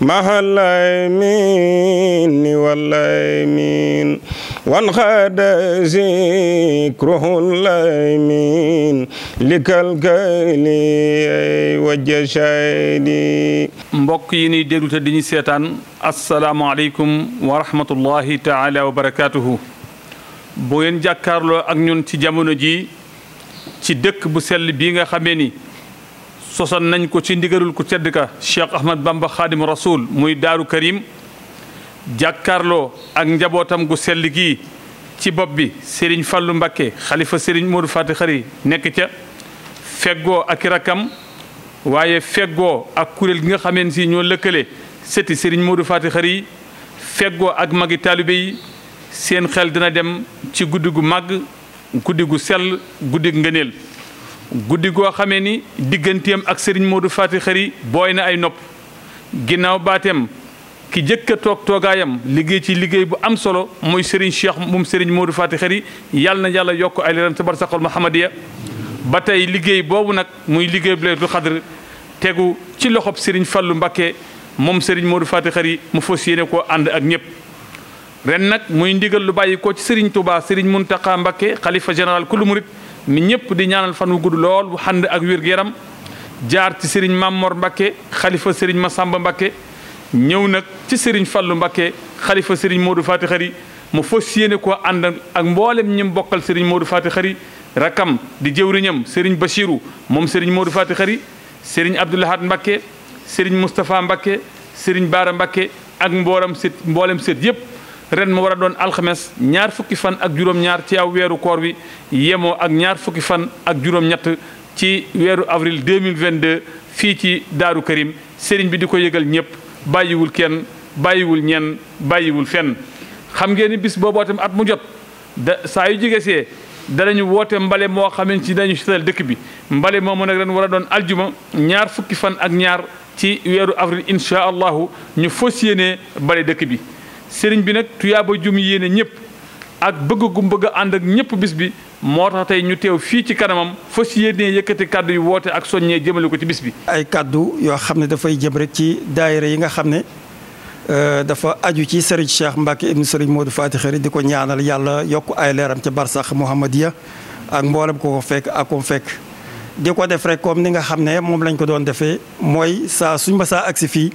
محل أيمين والأيمين وانخاد ذكره الأيمين لكالكيل والجشايد mbokk yi ñuy déglu te di ñu seetaan asalaamaaleykum wa rahmatullahi taala wa barakaatuhu bu ngeen jàkkaarloo ak ñun ci jamono ji ci dëkk bu sell bii nga xamee ni sosoon nañ ko ci ndigalul ko tedd ka Cheikh Ahmad Bamba Xaadim Rasul muy Daaru Karim jàkkaarloo ak njabootam gu sell gii ci bopp bi Serigne Fallou Mbakke xalifa Serigne Modou Fati Xari nekk ca feggoo ak i rakkam waaye feggoo ak kuréel gi nga xameen si ñoo lëkkale sëti Serigne Modou Fati Xari yi feggoo ak magi taalibe yi seen xel dina dem ci guddi gu màgg guddi gu sell guddi gu ngëneel guddi goo xamee ni digganteem ak sëriñ Modou Fati xëri booy na ay nopp ginnaaw baateem ki jëkk a toog toogaayam liggéey ci liggéey bu am solo muy sëriñ Cheikh moom sëriñ Modou Fati Xari yàlla na yàlla yokk ay leeram tabar saqol Mahamadiya ba tey liggéey boobu nag muy liggéey bu Laylatul Qadr tegu ci loxob sëriñ Fallu Mbakke moom sëriñ Modou Fati xëri mu fas yéene koo ànd ak ñëpp ren nag muy ndigal lu bàyyi ko ci sëriñ Touba sëriñ Muntaqa Mbakke xalifa général kulu mi ñëpp di ñaanal fan wu gudd lool bu xànd ak wér-gu-yaram jaar ci sëriñ Mamor Mbakke xalifa sëriñ Masamba Mbakke ñëw nag ci sëriñ Fallu Mbakke xalifa sëriñ Modou Fati Xari mu fas yéene ko ànd ak mboolem ñi mbokkal bokkal sëriñ Modou Xari rakam di jëwriñam sëriñ Bachiru moom sëriñ Modou Fati Xari sëriñ Abdoulahat Mbakke sëriñ Moustapha Mbakke sëriñ Baara Mbakke ak mbooram sët mboolem sët yëpp. ren mu war a doon alxames ñaar fukki fan ak juróom-ñaar ci aw weeru koor wi yemoo ak ñaar fukki fan ak juróom-ñett ci weeru avril 2022 fii ci Daaru Karim sëriñ bi di ko yëgal ñëpp bàyyiwul kenn bàyyiwul ñenn bàyyiwul fenn xam ngeen ni bis booboo tam at mu jot da saa yu jigesee danañu woote mbale moo xaman ci dañu setal dëkk bi mbale moo moomu nag ren war a doon aljuma ñaar fukki fan ak ñaar ci weeru avril incha ñu fas yéenee bale dëkk bi sëriñ bi nag tuyaaba jum yéene ñëpp ak bëgg gu bëgg a ànd ak ñëpp bis bi moo tax tey ñu teew fii ci kanamam fas yéene yëkkati kàddu yu woote ak soññee jëmale ko ci bis bi. ay kàddu yoo xam ne dafay jëm rek ci daayira yi nga xam ne euh, dafa aju ci sëriñ Cheikh Mbacke ibnu sëriñ Modou Fati Xëri di ko ñaanal yàlla yokk ay leeram ca barsax Muhammadiya ak mboolem ko ko fekk ak ko fekk. di ko def rek comme ni nga xam ne moom lañ ko doon defee mooy saa suñ ma saa agsi fii.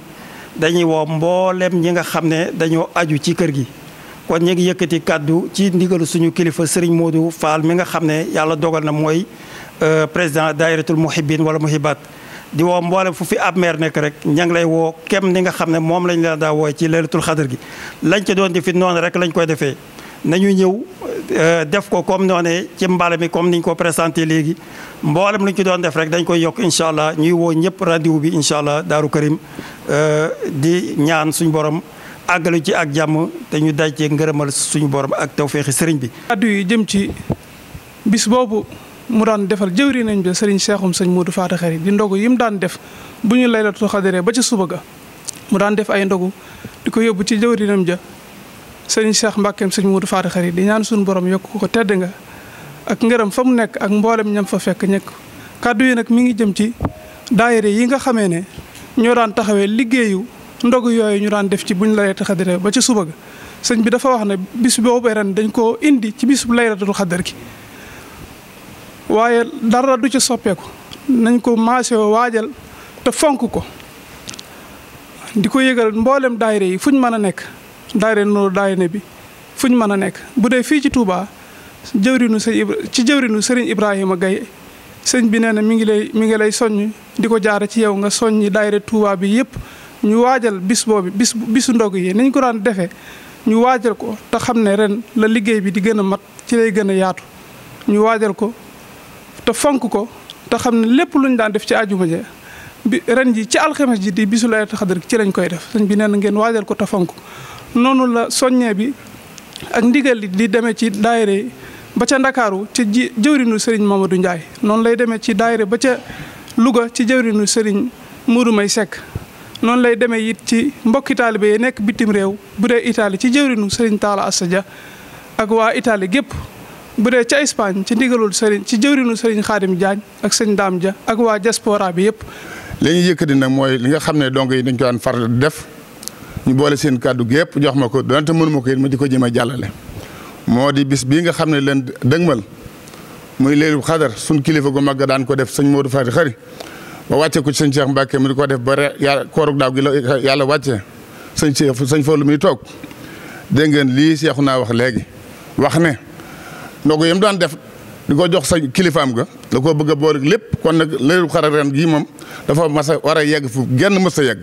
dañuy woo mboolem ñi nga xam ne dañoo aju ci kër gi kon ñu ngi yëkkati kàddu ci ndigalu suñu kilifa Serigne Modou Fall mi nga xam ne yàlla dogal na mooy euh, président dairatul muhibbin wala muhibbat di woo mboolem fu fi ab maire nekk rek ña ngi lay woo kem ni nga xam ne moom lañ daan daa wooy ci leelatul xadar gi lañ ca doon di fi noonu rek lañ koy defee nañu ñëw euh, def ko comme noo ne ci mbala mi comme niñ ko présenté léegi mboolem lu ñu ci doon def rek dañ koy yokk incha allah ñuy woo ñëpp rendez bi incha allah Daaru Karim euh, di ñaan suñu borom àggalu ci ak jàmm te ñu daj cee ngërëmal suñu borom ak tawféexi sëriñ bi. addu yi jëm ci bis boobu mu daan defal jëwri nañ bi sëriñ Seexum sëñ Modou Faata Xari di ndogu yi mu daan def bu ñu laylatul xadiree ba ci suba ga mu daan def ay ndogu di ko yóbbu ci jëwrinam ja sëriñ Cheikh Mbackeem sëñ Modou Faty Khary di ñaan suñu borom yokk ko tedd nga ak ngërëm fa mu nekk ak mboolem ñam fa fekk ñekk kàddu yi nag mi ngi jëm ci daayira yi nga xamee ne ñoo daan taxawee liggéeyu ndogu yooyu ñu daan def ci buñ laylatul xadar ba ca suba ga sëñ bi dafa wax ne bis boobu ren dañ koo indi ci bis bu laylatul xaddar gi waaye dara du ca soppeeku nañ koo maase waajal te fonk ko di ko yëgal mboolem daayira yi fuñ mën a nekk daayira Nuuru Daarayni bi fu ñu mën a nekk bu dee fii ci Touba jëwrinu sëñ Ibra ci jëwrinu sëriñ Ibrahima Gaye sëñ bi nee na mi ngi lay mi ngi lay soññ di ko jaare ci yow nga soññi daayira Touba bi yëpp ñu waajal bis boobu bisu ndog yi niñ ko daan defee ñu waajal ko te xam ne ren la liggéey bi di gën a mat ci lay gën a yaatu ñu waajal ko te fonk ko te xam ne lépp lu ñu daan def ci àjjuma je bi ren ji ci alxames ji di bisu Laylatul Qadr ci lañ koy def sëñ bi nee ngeen waajal ko te noonu la soññee bi ak ndigal di demee ci daayira ba ca ndakaaru ci ji jëwrinu sëriñ Mamadou Ndiaye noonu lay demee ci daayira ba ca Louga ci jëwrinu sëriñ Mourou May Seck noonu lay demee it ci mbokki taalibe yi nekk bitim réew bu dee Italie ci jëwrinu sëriñ Talla Assadia ak waa Italie gépp bu dee ca Espagne ci ndigalul sëriñ ci jëwrinu sëriñ Xaadim Diagne ak sëñ Daam ja ak waa diaspora bi yëpp. li ñu yëkkati mooy li nga xam ne donc dañ ko far faral def. ñu boole seen kàddu gépp jox ma ko donte mënuma ko it ma di ko jëmee jàllale. moo di bis bii nga xam ne leen dëgmal muy leelu xadar suñ kilifa gu mag daan ko def sëñ Modou Fati xari ba wàcce ko ci sëñ Cheikh Mbacke mu di ko def ba re yàlla yàlla wàcce sëñ Cheikh sëñ Fallou muy toog dégg ngeen lii seexu naa wax léegi wax ne ndogu yam daan def di ko jox sa kilifaam ga da koo bëgg a boole lépp kon nag leelu xadar ren gii moom dafa masa war a yegg fu genn mës a yegg.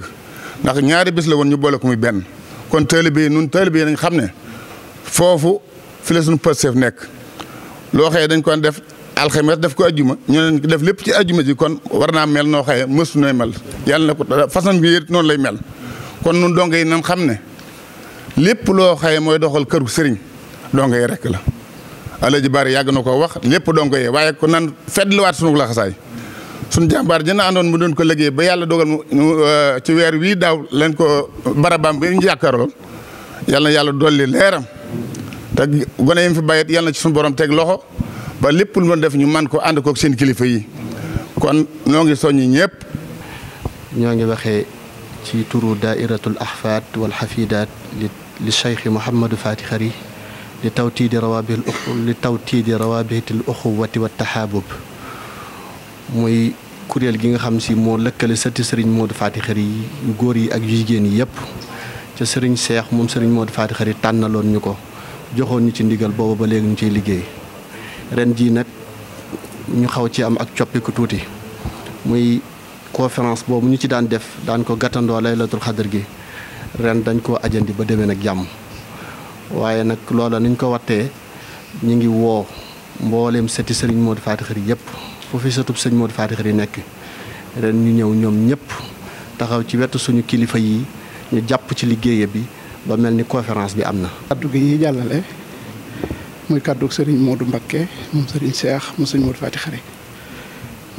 ndax ñaari bis la woon ñu boole ko muy benn kon taalibe yi nun taalibe yi nañ xam ne foofu fi la suñu pësteef nekk loo xëyee dañ ko def alxemes def ko ajjuma ñu def lépp ci ajjuma ji kon war naa mel noo xëyee mësu nooy mel yàlla na ko façon bi yëpp noonu lay mel kon nun dongo yi nan xam ne lépp loo xëyee mooy doxal këru sëriñ dongo yi rek la alaji bari yàgg na koo wax lépp dongo yi waaye ko nan fedd liwaat sunu laxasaay suñu jàmbaar dina àndoon mu doon ko liggéey ba yàlla dogal mu uh, ci weer wii daaw leen ko barabam bi ñu yàlla na yàlla dolli leeram te gone yi mu fi bàyyit yàlla ci suñu borom teg loxo ba lépp lu doon def ñu man ko ànd kook seen kilifa yi kon ñoo ngi soññi ñëpp. ñoo ngi waxee ci turu daairatul ahfaad wal xafidaat li li cheikh Mouhamadou Fati Khary li tawtiidi rawaabi li tawtiidi rawaabitil uxuwati wa taxaabub muy kuréel gi nga xam si moo lëkkale sëtti sëriñ Modou faati Khary yi yu góor yi ak yu jigéen yi yëpp ca sëriñ Seex moom sëriñ Modou Faty Khary tànnaloon ñu ko joxoon ñu ci ndigal boobu ba léegi ñu ciy liggéey ren jii nag ñu xaw ci am ak coppiku tuuti muy conférence boobu ñu ci daan def daan ko gàttandoo laylatul xadar gi ren dañ koo ajandi ba demee nag jàmm waaye nag loola niñ ko wattee ñu ngi woo mbooleem sëti sëriñ Modou Faty Khary yëpp fu fi satub sëñ Modou Fatick di nekk ren ñu ñëw ñoom ñëpp taxaw ci wetu suñu kilifa yi ñu jàpp ci liggéeya bi ba mel ni conférence bi am na. kaddu gi ñuy jàllale muy kaddu sëriñ Modou Mbakke moom sëriñ Cheikh mu sëñ Modou Fatick xare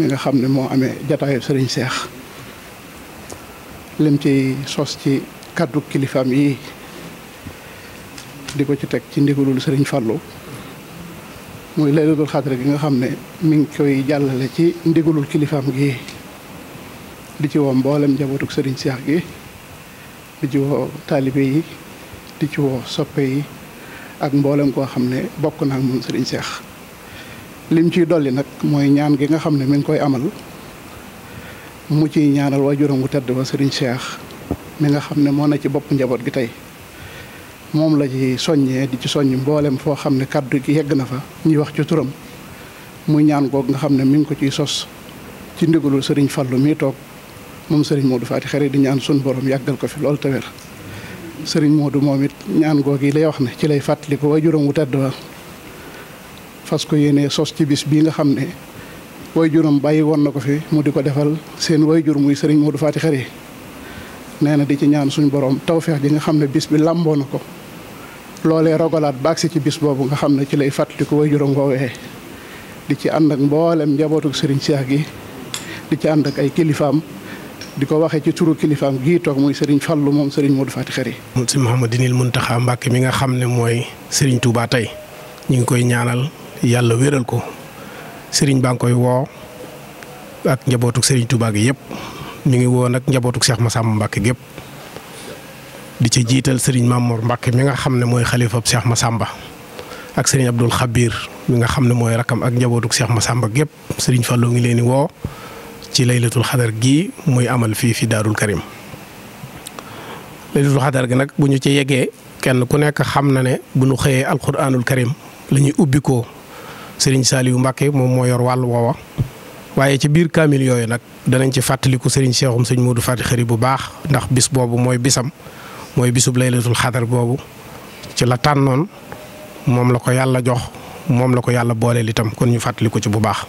mi nga xam ne moo amee jataayu sëriñ seex lim ci sos ci kaddu kilifaam yi di ko ci teg ci ndigalul sëriñ Fallou. muy laylatul xadr gi nga xam ne mi ngi koy jàllale ci ndigalul kilifaam gi di ci woo mboolem njabootuk sëriñ Seex gi di ci woo taalibe yi di ci woo soppe yi ak mboolem koo xam ne bokk naa moom sëriñ Seex lim ciy dolli nag mooy ñaan gi nga xam ne mi ngi koy amal mu ciy ñaanal waajuram wu tedd wa sëriñ Seex mi nga xam ne moo na ci bopp njaboot gi tey moom la ci soññee di ci soññ mboolem foo xam ne kàddu gi yegg na fa ñuy wax ci turam muy ñaan goog nga xam ne mi ngi ko ciy sos ci ndigalul sëriñ Fallu mii toog moom sëriñ Modou Faty Khary di ñaan suñu borom yàggal ko fi loolu te sëriñ Modou moom it ñaan goog yi wax ne ci lay fàttali ko tedd wa fas ko yéenee sos ci bii nga xam ne waajuram bàyyi woon na ko fi mu di ko defal seen waajur muy sëriñ Modou Faty Khary nee na di ci ñaan suñu borom tawfeex ji nga xam ne bis bi làmboo na ko loolee rogalaat ba agsi ci bis boobu nga xam ne ci lay fàttaliku way juróom woowee di ci ànd ak mboolem njabootuk sëriñ Cheikh gi di ci ànd ak ay kilifaam di ko waxee ci turu kilifaam gii toog muy sëriñ Fallu moom sëriñ Modou Fati Xari si mun taxa Mbacké mi nga xam ne mooy sëriñ Touba tey ñu ngi koy ñaanal yàlla wéral ko sëriñ baa ngi koy woo ak njabootuk sëriñ Touba gi yëpp mi ngi woo nag njabootuk Cheikh Massamba Mbacké gépp di ci jiital sëriñ Mamour Mbacke mi nga xam ne mooy seex ma sàmba ak sëriñ Abdul Xabir mi nga xam ne mooy rakam ak njabootuk ma sàmba gépp sëriñ Fallou ngi leen di woo ci laylatul xadar gi muy amal fii fi Daarul Karim laylatul xadar gi nag bu ci yeggee kenn ku nekk xam na ne bu ñu xëyee alquranul karim la ñuy ubbi ko sëriñ Saliou Mbacke moom moo yor wàll woowa waaye ci biir kaamil yooyu nag danañ ci fàttaliku sëriñ Cheikhoum sëñ Modou Fati Xëri bu baax ndax bis boobu mooy bisam mooy bisub tul xadar boobu ci la tànnoon moom la ko yàlla jox moom la ko yàlla booleel itam kon ñu fàttali ko ci bu baax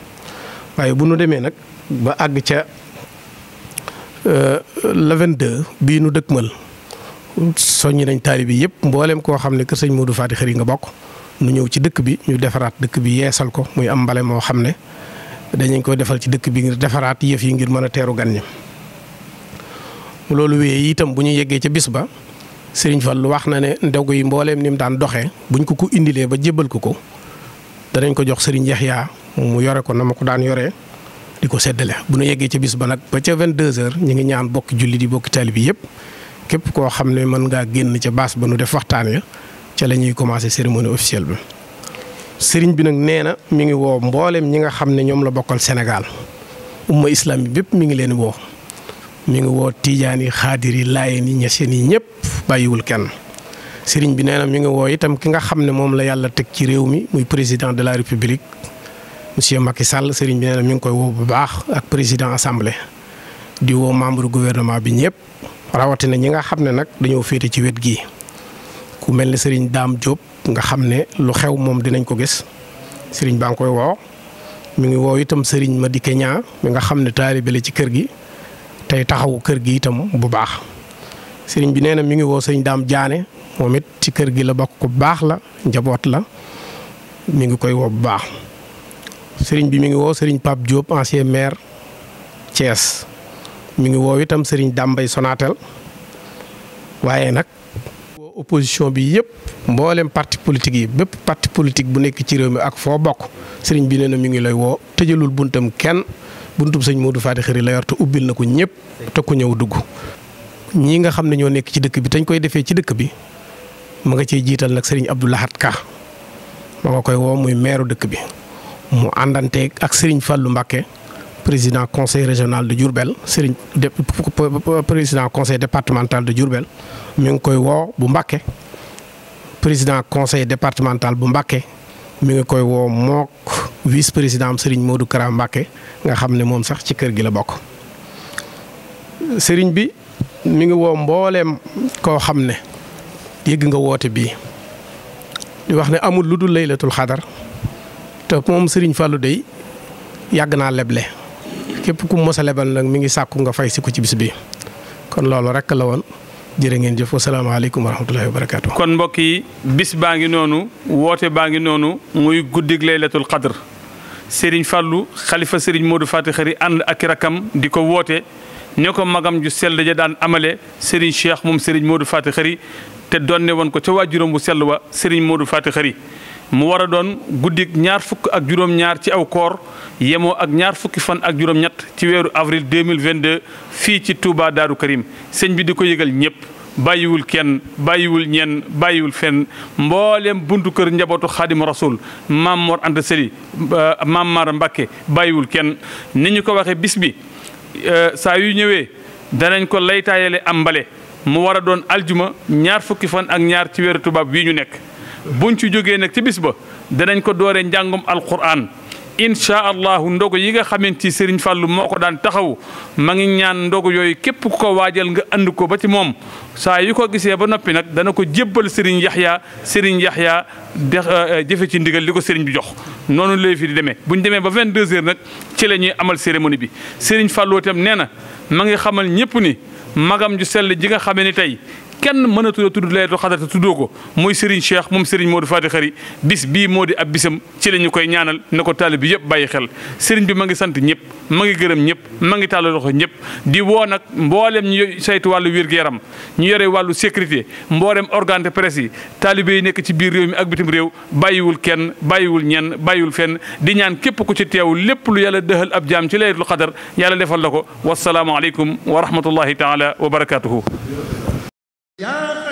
waaye bu nu demee nag ba àgg ca euh, le 22 bii nu dëkk dëkkmal soññi nañ taalibe yi yëpp mbooleem koo xam ne kër sëñ Modou Faty Khary nga bokk nu ñëw ci dëkk bi ñu defaraat dëkk bi yeesal ko muy am mbale moo xam ne dañu koy defal ci dëkk bi ngir defaraat yëf yi ngir mën a teeru gan ñi loolu wéyee itam bu ñu yeggee ca bis ba. Serigne lu wax na ne ndogu yi mbooleem ni mu daan doxee buñ ko ko indilee ba jébbal ko ko danañ ko jox Serigne Yaxya mu yore ko na ma ko daan yoree di ko seddale bu nu yeggee ca bis ba nag ba ca 22h ñu ngi ñaan bokki julli di bokki taalibe bi yëpp képp koo xam ne mën ngaa génn ca baas ba nu def waxtaan ya ca la ñuy commencé cérémonie officielle bi. Serigne bi nag nee na mi ngi woo mbooleem ñi nga xam ne ñoom la bokkal Sénégal umma islam bi bépp mu ngi leen woo mi ngi woo Tidiane yi xaadir yi Laayeen yi Ñaseen bàyyiwul kenn sëriñ bi nee na mi ngi woo itam ki nga xam ne moom la yàlla teg ci réew mi muy président de la république monsieur Macky Sall sëriñ bi nee na ngi koy woo bu baax ak président assemblée di woo membre gouvernement bi ñëpp rawatina ñi nga xam ne nag dañoo féete ci wet gi ku mel ni sëriñ daam Diop nga xam ne lu xew moom dinañ ko gis sëriñ baa ngi koy woo mi ngi woo itam sëriñ di Niang mi nga xam ne taalibe la ci kër gi tey taxawu kër gi itam bu baax. sëriñ bi nee na mi ngi woo sëñ daam jaane moom it ci kër gi la bokk ku baax la njaboot la mu ngi koy woo bu baax. sëriñ bi mi ngi woo sëriñ Pape Diop ancien maire Thiès mu ngi woo itam sëriñ Dambay Sonatel waaye nag. opposition bi yëpp mboolem parti politique yi bépp parti politique bu nekk ci réew mi ak foo bokk sëriñ bi nee na mi ngi lay woo tëjalul buntam kenn buntum sëñ Modou Fatick xëri la yor te ubbil na ko ñëpp te ku ñëw dugg. ñii nga xam ne ñoo nekk ci dëkk bi tañ koy defee ci dëkk bi mu nga cee jiital nag sëriñ Abdou Lahad Ka ma nga koy woo muy meeru dëkk bi mu àndante ak sëriñ Fallou Mbacké président conseil régional de Diourbel sëriñ président conseil départemental de Diourbel mi ngi koy woo bu Mbacké président conseil départemental bu Mbacké mu ngi koy woo mook vice président am sëriñ Modou Kara Mbacké nga xam ne moom sax ci kër gi la bokk sëriñ bi mi ngi woo mbooleem koo xam ne yëgg nga woote bii di wax ne amul lu dul laylatul xadar te moom sëriñ Fallou dey yàgg naa leble képp ku mos a nag mi ngi sàkku nga fay si ko ci bis bi kon loolu rek la woon jërë ngeen jëf wasalaamaaleykum wa rahmatullahi wa barakaatu. kon mbokk yi bis baa ngi noonu woote baa ngi noonu muy guddig laylatul xadar sëriñ Fallou xalifa sëriñ Modou Faty Khary ànd ak rakam di ko woote. ne ko magam ju sell ja daan amale Serigne Cheikh moom moo Modou Faty xëri te donne woon ko ca waajuram bu sell wa sëriñ Serigne Modou Faty Khary mu war a doon guddi ñaar fukk ak juróom-ñaar ci aw koor yemoo ak ñaar fukki fan ak juróom-ñett ci weeru avril 2022 fii ci Touba Daaru kërim sëñ bi di ko yëgal ñëpp bàyyiwul kenn bàyyiwul ñenn bàyyiwul fenn mbooleem buntu kër njabootu xaadimu rasul maam Mor Anta Sali maam Mara Mbakke bàyyiwul kenn ni ñu ko waxee bis bi. Euh, saa yu ñëwee danañ ko laytaayale am mbale mu war a doon aljuma ñaar fukki fan ak ñaar ci weeru tubaab wii ñu nekk buñ ci jógee nag ci bis ba danañ ko dooree njàngum alquran incha allahu ndogu yi nga xamante Serigne Fallou moo ko daan taxaw ma ngi ñaan ndogu yooyu képp ku ko waajal nga and ko ba ci moom saa yu ko gisee ba noppi nag dana ko jébbal Serigne Yaxya Serigne Yaxya dex euh, euh, jëfe ci ndigal li ko Serigne bi jox. noonu lay fi di demee bu ñu demee ba 22h nag ci la ñuy amal cérémonie bi Serigne Fallou itam nee na ma ngi xamal ñëpp ni magam ju sell ji nga xamee ni tey. kenn mënatula tudd laylatul xadar te tuddoo ko muy Serigne Cheikh moom Serigne Modou Fati Xari bis bii moo di ab bisam ci la ñu koy ñaanal na ko taalib bi yëpp bàyyi xel Serigne bi ma ngi sant ñëpp ma ngi gërëm ñëpp ma ngi tàllal loxo ñëpp di woo nag mboolem ñu saytu wàllu wér-gu-yaram ñu yore wàllu sécurité mboolem organe de presse yi taalibe nekk ci biir réew mi ak bitim réew bàyyiwul kenn bàyyiwul ñenn bàyyiwul fenn di ñaan képp ku ci teew lépp lu yàlla dëxal ab jaam ci laylatul xadar yàlla defal la ko wasalaamualeykum wa rahmatullahi taala wa barakatuhu yaa